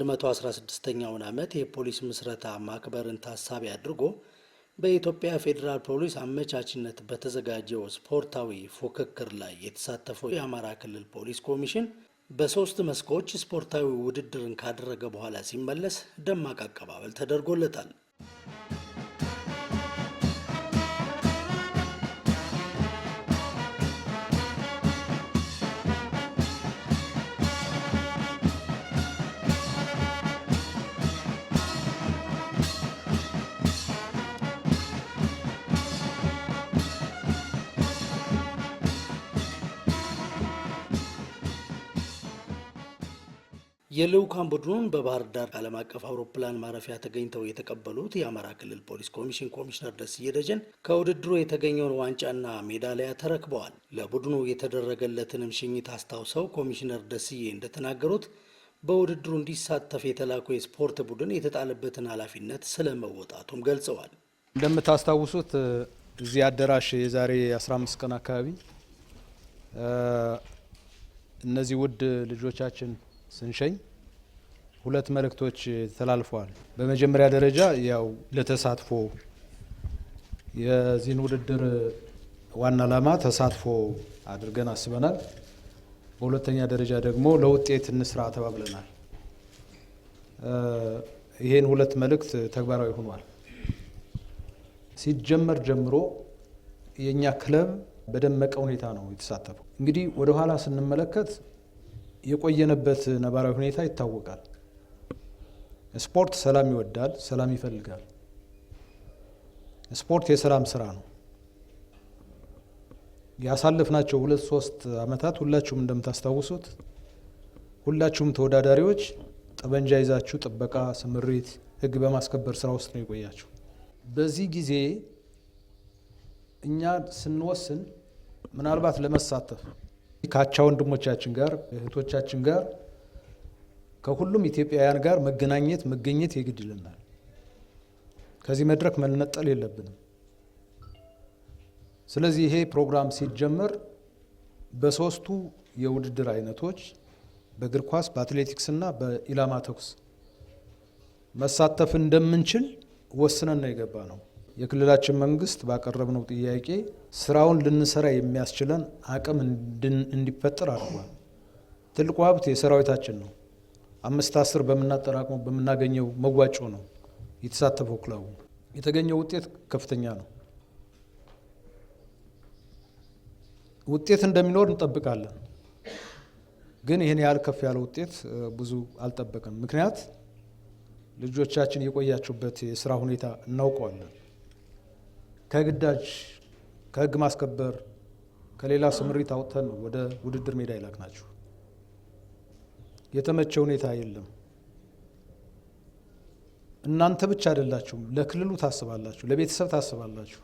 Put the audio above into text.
116ኛውን ዓመት የፖሊስ ምስረታ ማክበርን ታሳቢ አድርጎ በኢትዮጵያ ፌዴራል ፖሊስ አመቻችነት በተዘጋጀው ስፖርታዊ ፉክክር ላይ የተሳተፈው የአማራ ክልል ፖሊስ ኮሚሽን በሶስት መስኮች ስፖርታዊ ውድድርን ካደረገ በኋላ ሲመለስ ደማቅ አቀባበል ተደርጎለታል። የልዑካን ቡድኑን በባህር ዳር ዓለም አቀፍ አውሮፕላን ማረፊያ ተገኝተው የተቀበሉት የአማራ ክልል ፖሊስ ኮሚሽን ኮሚሽነር ደስዬ ደጀን ከውድድሩ የተገኘውን ዋንጫና ሜዳሊያ ተረክበዋል። ለቡድኑ የተደረገለትንም ሽኝት አስታውሰው ኮሚሽነር ደስዬ እንደተናገሩት በውድድሩ እንዲሳተፍ የተላኩ የስፖርት ቡድን የተጣለበትን ኃላፊነት ስለመወጣቱም ገልጸዋል። እንደምታስታውሱት እዚህ አዳራሽ የዛሬ 15 ቀን አካባቢ እነዚህ ውድ ልጆቻችን ስንሸኝ ሁለት መልእክቶች ተላልፈዋል። በመጀመሪያ ደረጃ ያው ለተሳትፎ የዚህን ውድድር ዋና ዓላማ ተሳትፎ አድርገን አስበናል። በሁለተኛ ደረጃ ደግሞ ለውጤት እንስራ ተባብለናል። ይሄን ሁለት መልእክት ተግባራዊ ሆኗል። ሲጀመር ጀምሮ የእኛ ክለብ በደመቀ ሁኔታ ነው የተሳተፈው። እንግዲህ ወደኋላ ስንመለከት የቆየንበት ነባራዊ ሁኔታ ይታወቃል። ስፖርት ሰላም ይወዳል፣ ሰላም ይፈልጋል። ስፖርት የሰላም ስራ ነው። ያሳለፍናቸው ሁለት ሶስት አመታት ሁላችሁም እንደምታስታውሱት ሁላችሁም ተወዳዳሪዎች ጠበንጃ ይዛችሁ ጥበቃ፣ ስምሪት፣ ህግ በማስከበር ስራ ውስጥ ነው የቆያችሁ። በዚህ ጊዜ እኛ ስንወስን ምናልባት ለመሳተፍ ከአቻ ወንድሞቻችን ጋር እህቶቻችን ጋር ከሁሉም ኢትዮጵያውያን ጋር መገናኘት መገኘት ይግድልናል። ከዚህ መድረክ መነጠል የለብንም። ስለዚህ ይሄ ፕሮግራም ሲጀመር በሶስቱ የውድድር አይነቶች በእግር ኳስ፣ በአትሌቲክስ እና በኢላማ ተኩስ መሳተፍ እንደምንችል ወስነን ነው የገባ ነው። የክልላችን መንግስት ባቀረብነው ጥያቄ ስራውን ልንሰራ የሚያስችለን አቅም እንዲፈጠር አድርጓል። ትልቁ ሀብት የሰራዊታችን ነው። አምስት አስር በምናጠራቅመው በምናገኘው መዋጮ ነው የተሳተፈው ክለቡ። የተገኘው ውጤት ከፍተኛ ነው። ውጤት እንደሚኖር እንጠብቃለን። ግን ይህን ያህል ከፍ ያለ ውጤት ብዙ አልጠበቅም። ምክንያት ልጆቻችን የቆያችሁበት የስራ ሁኔታ እናውቀዋለን። ከግዳጅ ከህግ ማስከበር ከሌላ ስምሪት አውጥተን ወደ ውድድር ሜዳ ይላክ ናቸው። የተመቸ ሁኔታ የለም። እናንተ ብቻ አይደላችሁም። ለክልሉ ታስባላችሁ፣ ለቤተሰብ ታስባላችሁ።